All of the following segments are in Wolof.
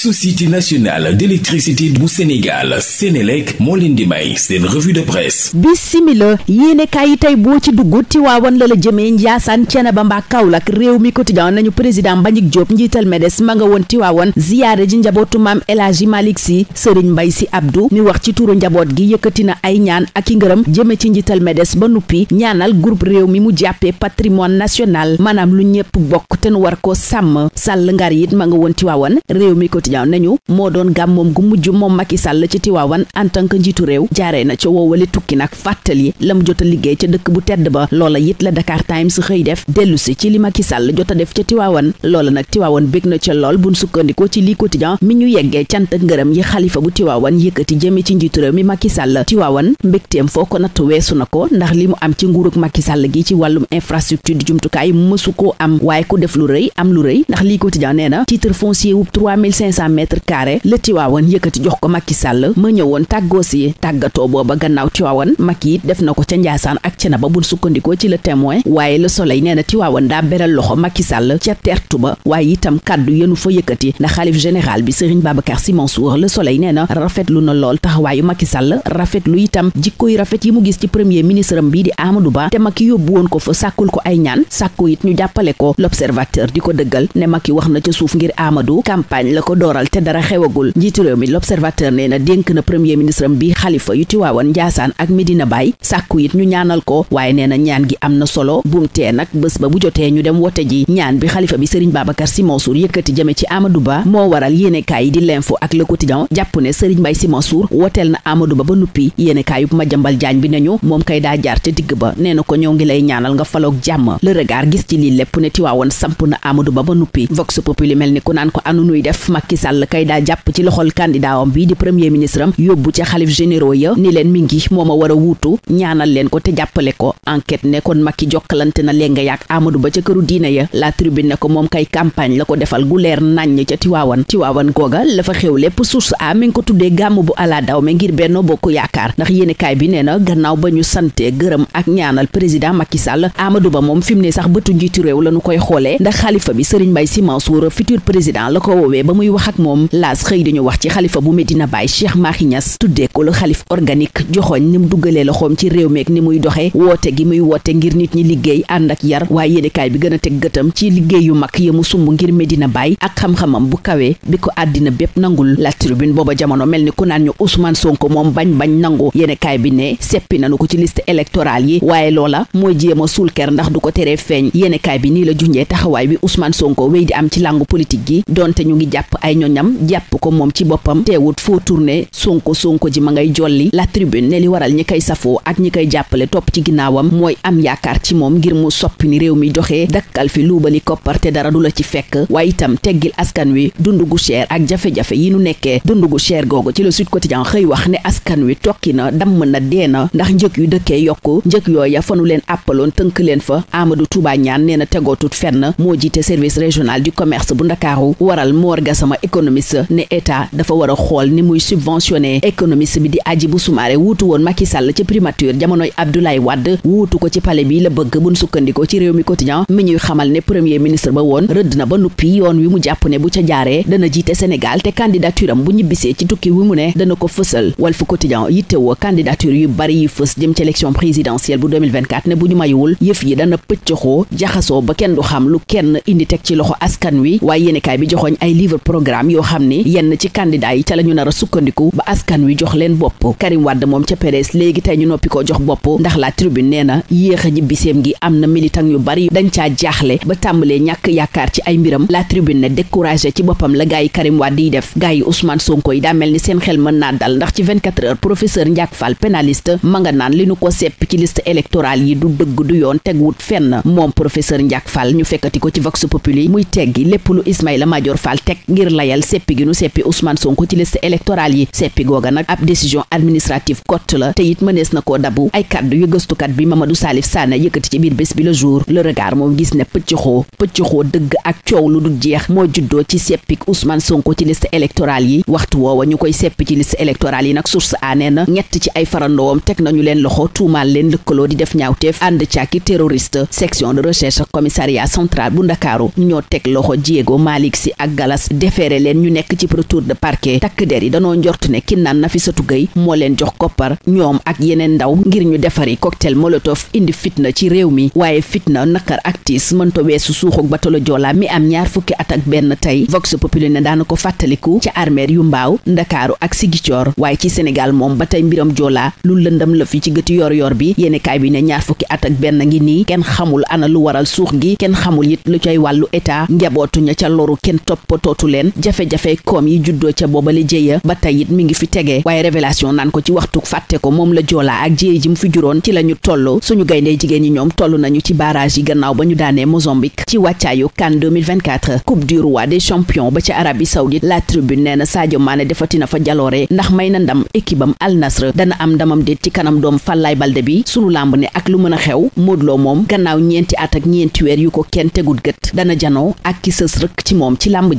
société nationale d'électricité bu Sénégal Sénélec moo leen di may seen revue de presse bisimila yéenekaay yi tey boo ci dugg Tiwaawan la la jëmee Njaasaan ba mbaa Kaolack réew mi quotidien nañu président Mbagnick Diop njiital MEDES ma nga woon Tiwaawan ziyaare ji njabootu maam El Hadji Malick Sy mbay si Sy Abdou mi wax ci turu njaboot gi yëkkati na ay ñaan ak i ngërëm jëme ci njiital MEDES ba nuppi ñaanal groupe réew mi mu jàppee patrimoine national maanaam lu ñëpp bokk te nu war ko sàmm sàll ngar it ma nga woon Tiwaawan réew mi Quotidien nañu moo doon gàmmoom gu mujj moom Macky Sall ci Tiwaawan en njiitu réew jaaree na ca woowale tukki nag fàttali la mu jot a liggéey ca dëkk bu tedd ba loola it la Dakar Times xëy def dellu si ci li Macky Sall jot a def ca Tiwaawan loola nag Tiwaawan bég na ca lool buñ sukkandikoo ci lii ko Quotidien mi ñu yeggee cant ak ngërëm yi xalifa bu Tiwaawan yëkkati jëme ci njiitu réew mi Macky Sall Tiwaawan mbégteem foo ko natt weesu na ko ndax li mu am ci nguurug Macky Sall gi ci wàllum infrastructure di jumtukaay mësu koo am waaye ku def lu am lu rëy ndax lii Quotidien cent mètres carrés la Tiwaawan yëkkati jox ko Macky Sall ma ñëwoon tàggoo si tàggatoo booba gannaaw Tiwaawan Macky it def na ko ca Njaasaan ak ca na ba bul sukkandikoo ci Le Témoin waaye Le Soleil nee na Tiwaawan daa beral loxo Macky Sall ca tertu ba waaye itam kàddu yenu fa yëkkati ndax xaalif général bi Serigne Babacar Sy Mansour Le Soleil nee na rafetlu na lool taxawaayu Macky Sall rafetlu itam jikkoy rafet yi mu gis ci premier ministre am bii di Amadou Ba te Macky yóbbu woon ko fa ko ay di ko dëggal ne Macky dooral te dara xewagul njiitu réew mi l'observateur nee na dénk na premier ministre am bi xalifa yu tiwaawan njaasaan ak Medina Baye sàkku it ñu ñaanal ko waaye nee na ñaan gi am na solo buum tee nag bés ba bu jotee ñu dem wote ñaan bi xalifa bi Serigne Babacar Sy Mansour yëkkati jëme ci Amadou Ba moo waral yéenekaay yi di l'info ak le quotidien jàpp ne Serigne Baye Sy Mansour woteel na Amadou Ba ba nuppi yéenekaay yu jaañ bi nañu moom kay daa ca digg Sall kay daa jàpp ci loxol kandidaawam bi di premier ministre am yóbbu ca xalif généraux ya ni leen mi ngi mooma war a wuutu ñaanal leen ko te jàppale ko enquête ne kon Macky jokkalante na leen nga yàak Amadou Ba ca këru diine ya la tribune ne ko moom kay campagne la ko defal gu leer naññ ca Tiwaawan Tiwaawan googa la fa xew lépp source a mi ngi ko tuddee gàmm bu ala daw me ngir Benno Bokk Yaakaar ndax yéenekaay bi nee na gannaaw ba ñu sante gërëm ak ñaanal président Macky Sall Amadou Ba moom fi mu sax bëtu njiitu réew la ñu koy xoolee ndax ak moom laas xëy dañu wax ci xalifa bu Medina Baye Cheikh Mahi Niass tuddee ko la xalif organique joxooñ ni mu duggalee loxoom ci réew meek ni muy doxee woote gi muy woote ngir nit ñi liggéey ànd ak yar waaye yéenekaay bi gën a teg gëtam ci liggéey yu mag mu sumb ngir Medina Baye ak xam-xamam bu kawee bi ko àddina bépp nangul la tribune booba jamono mel ni ku naan ñu Ousmane Sonko moom bañ bañ nangu yéenekaay bi ne seppi nanu ko ci list électorale yi waaye loola mooy jéem a ndax du ko teree feeñ yéenekaay bi nii la junjee taxawaay bi Ousmane Sonko wéy di am ci làngu politique gi ñoñam jàpp ko moom ci boppam teewut foo tourné sonko sonko ji ma ngay jolli la tribune ne li waral ñi koy safoo ak ñi koy jàppale topp ci ginnaawam mooy am yaakaar ci moom ngir mu soppi ni réew mi doxee dakkal fi luubali koppar te dara du la ci fekk waaye itam teggil askan wi dund gu cher ak jafe-jafe yi nu nekkee dund gu cher googu ci le Sud Quotidien xëy wax ne askan wi tokki na damm na dee na ndax njëg yu dëkkee yokku njëg yooya fanu leen àppaloon tënk leen fa amadu Touba ñaan nee na tegootut fenn moo jiite service régional du commerce bu Ndakaaru économiste ne état dafa war a xool ni muy subventionné économiste bi di Hadjibou Soumaré wuutu woon Macky Sall ci primature jamonoy Abdoulaye Wade wuutu ko ci palais bi la bëgg buñ sukkandikoo ci réew mi quotidien mi ñuy xamal ne premier ministre ba woon rëdd na ba nuppi yoon wi mu jàpp ne bu ca jaaree dana jiite Sénégal te candidature am bu ñibbisee ci tukki wi mu ne dana ko fësal Walf Quotidien yittewoo candidature yu bari yi fës jëm ci élection présidentielle bu 2024 ne bu ñu mayuwul yëf yi dana pëccëxoo jaxasoo xam lu kenn indi teg ci loxo askan wi waaye yéenekaay programme yoo xam ni yenn ci candidat yi ca la ñu sukkandiku ba askan wi jox leen bopp Karim Wade moom ca PDS léegi tey ñu noppi koo jox bopp ndax la tribune na yéex a ñibbiseem gi am na militant yu bari dañ caa jaaxle ba tàmbalee ñàkk yaakaar ci ay mbiram la tribune ne découragé ci boppam la gaa yi Karim Wade yi def gaa yi Ousmane Sonko yi daa ni seen xel mën naa dal ndax ci 24 heures professeur Ndiak Fall pénaliste ma nga li nu ko sepp ci liste électorale yi du dëgg yoon teg wut fenn moom professeur ñu fekkati ko ci Vox Populi layal seppi gi nu seppi Ousmane Sonko ci liste électorale yi seppi googa nag ab décision administrative cotte la te mënees na koo dabu ay kàddu yu gëstukat bi Mamadou Salif Sané yëkkati ci biir bés bi le jour le regard moom gis ne pëccxoo dëgg ak coow lu dul jeex moo juddoo ci seppik Ousmane Sonko ci liste électorale yi waxtu woowa ñu koy seppi ci liste électorale yi nag source a ñett ci ay farandoowam teg nañu leen loxo tuumaal leen lëkkaloo di tere leen ñu nekk ci retour de parquet takk der yi danoo njort ne ki naan Nafissatou Gueye moo leen jox koppar ñoom ak yeneen ndaw ngir ñu defari cocktail molotov indi fitna ci réew mi waaye fitna nakar ak tiis mënta weesu suuxuk batalo joola mi am ñaar fukki at ak benn tey vox popule ne daana ko fàttaliku ci armeel yu mbaaw ndakaaru ak sigicoor waaye ci sénégal moom ba tey mbiram joola lu lëndam la fi ci gëti yor yoor bi yéenekaay bi ne ñaar fukki at ak benn ngi nii kenn xamul ana lu waral suux gi kenn xamul it lu cay wàllu état njabootu ca loru kenn toppatootu leen jafe-jafe koom yi juddoo ca boobale jéya ba tey it mi ngi fi tegee waaye révélation naan ko ci waxtu fàtte ko moom la joola ak jéye ji mu fi juróon ci la ñu toll suñu gayndee jigéen ñi ñoom toll nañu ci barrage yi gannaaw ba ñu daanee Mozambique ci wàccaayu CAN 2024 coupe du roi des champions ba ca Arabie Saoudite la tribune nee na saajo Mané defati na fa jaloore ndax may na ndam équipe am Al Nassr dana am ndamam déet ci kanam doom Falaye Baldé bi sunu làmb ne ak lu mën a xew Modou Lo moom gannaaw ñeenti at ak ñeenti weer yu ko kenn tegut gët dana janoo ak ki sës rëkk ci moom ci làmb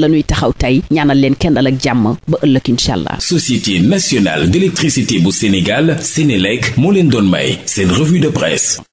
la ñuy taxaw tey ñaanal leen kenn dal ak jàmm ba ëllëg incha allah. Société nationale d'électricité bu Sénégal Sénélec moo leen doon may seen revue de presse.